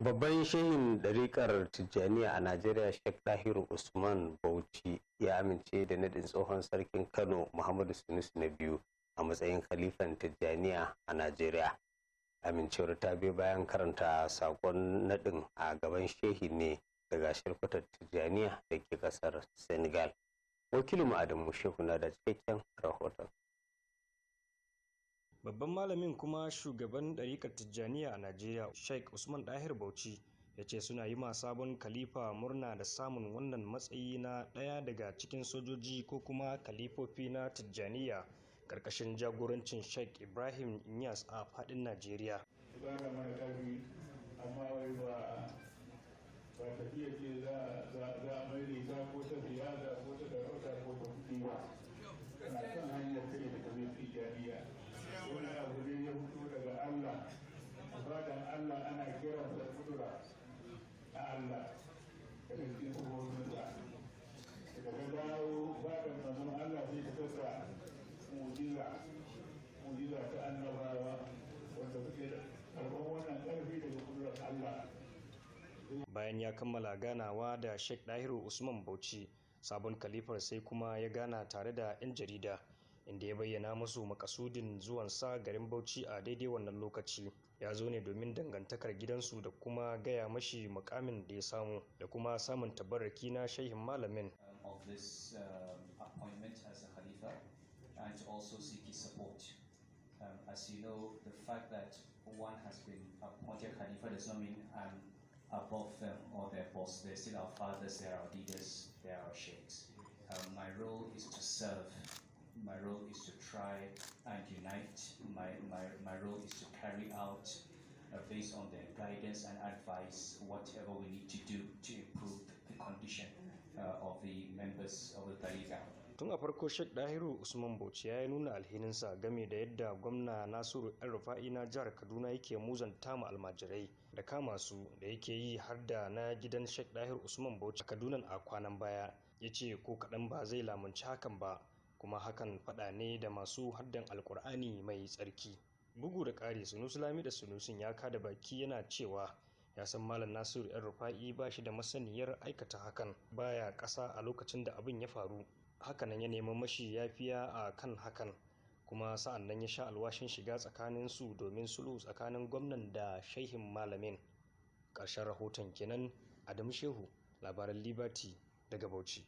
Babban shehin ɗariƙar Tijjaniya a Najeriya Sheikh Tahiru Usman Bauchi ya amince da naɗin tsohon sarkin Kano Muhammadu Sunusi na biyu a matsayin khalifan Tijjaniya a Najeriya. Amincewar ta biyo bayan karanta saƙon naɗin a gaban shehi ne daga shirkutar Tijjaniya da ke ƙasar Senegal. Wakilin Adamu Shehu na da cikakken rahoton. Babban malamin kuma shugaban ɗarikar Tijjaniya a Najeriya, Sheikh Usman ɗahir Bauchi, ya ce suna yi ma sabon kalifa murna da samun wannan matsayi na ɗaya daga cikin sojoji ko kuma kalifofi na Tijjaniya ƙarƙashin jagorancin Sheikh Ibrahim Inyas a faɗin Najeriya. bayan ya kammala ganawa da Sheikh Dahiru Usman Bauchi sabon kalifar sai kuma ya gana tare da 'yan jarida inda ya bayyana musu makasudin zuwansa garin Bauchi a daidai wannan lokaci. Ya zo ne domin dangantakar gidansu da kuma gaya mashi mukamin da ya samu da kuma samun tabarraki na shehin malamin. Of this um, appointment as a Khalifa and also seeking support. Um, as you know, the fact that one has been appointed Khalifa does not mean I'm above them or their boss. They're still our fathers, they're our leaders, they're our sheikhs. Um, my role is to serve My role is to try and unite. My, my, my role is to carry out, uh, based on their guidance and advice, whatever we need to do to improve the condition uh, of the members of the Tariqa. tun a farko shek dahiru usman bauchi ya nuna alhininsa game da yadda gwamna nasiru yan rufa'i na jihar kaduna yake muzanta ma almajirai da kama su da yake yi har da na gidan shek dahiru usman bauchi a kaduna a kwanan baya ya ce ko kaɗan ba zai lamunci hakan ba kuma hakan faɗa ne da masu haddan alkur'ani mai tsarki bugu da ƙari sunusulami da sunusin ya kada baki yana cewa ya san malam nasiru yan rufa'i ba shi da masaniyar aikata hakan baya ƙasa a lokacin da abin ya faru hakanan ya nemi mashi yafiya a kan hakan kuma sa'an nan ya sha alwashin shiga tsakanin su domin sulhu tsakanin gwamnan da shaihin malamin ƙarshen rahoton kenan adamu shehu labaran liberty daga bauchi